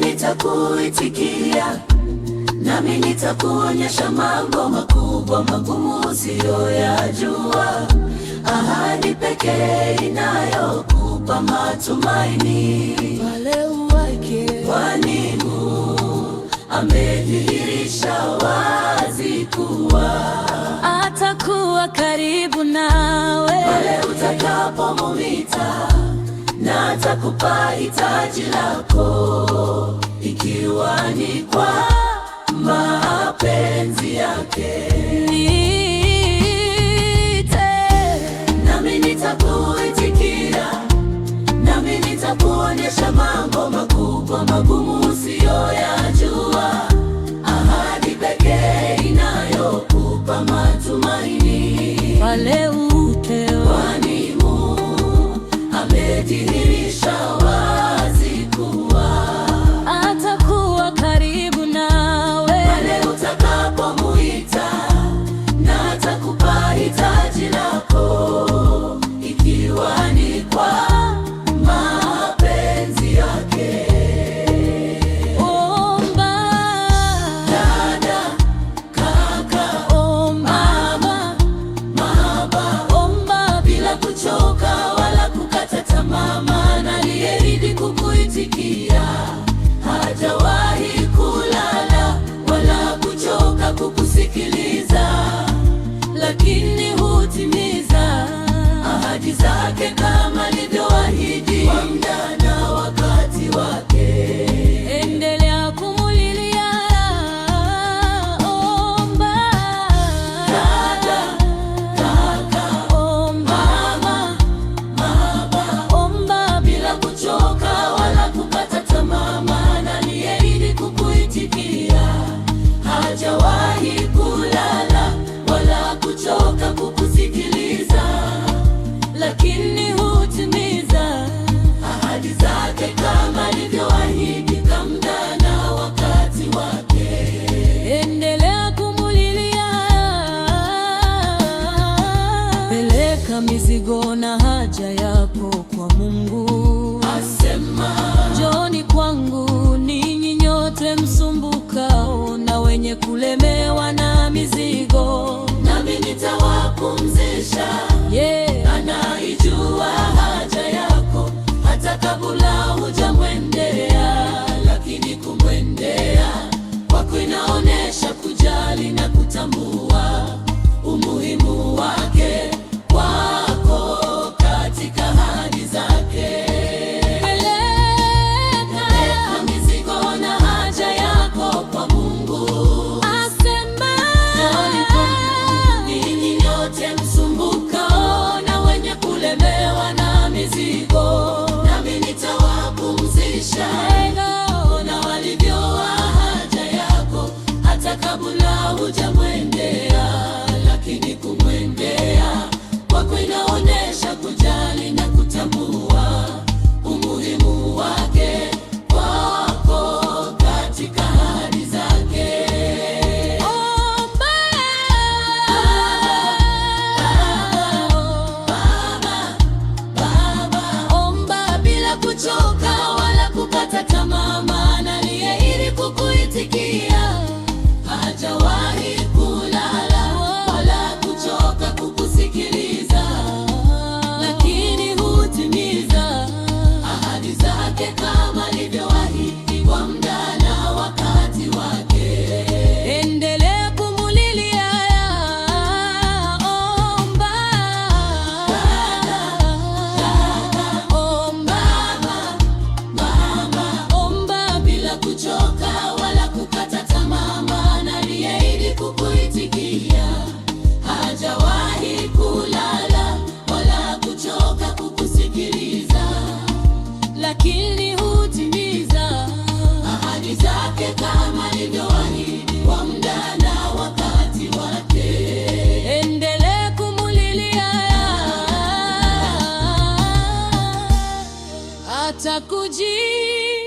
Nitakuitikia nami nitakuonyesha mambo makubwa magumu usiyoyajua. Ahadi pekee inayokupa matumaini amedhihirisha wazi kuwa atakuwa karibu nawe pale utakapomwita na atakupa hitaji lako ikiwa ni kwa mapenzi yake. Niite nami nitakuitikia, nami nitakuonyesha mambo makubwa magumu usi wale uteo mizigo na haja yako kwa Mungu. Asema, njooni kwangu ninyi nyote msumbukao na wenye kulemewa na mizigo, nami nitawapumzisha. Yeah, anaijua haja yako hata kabla huja Njooni endelee kumulilia, atakujibu.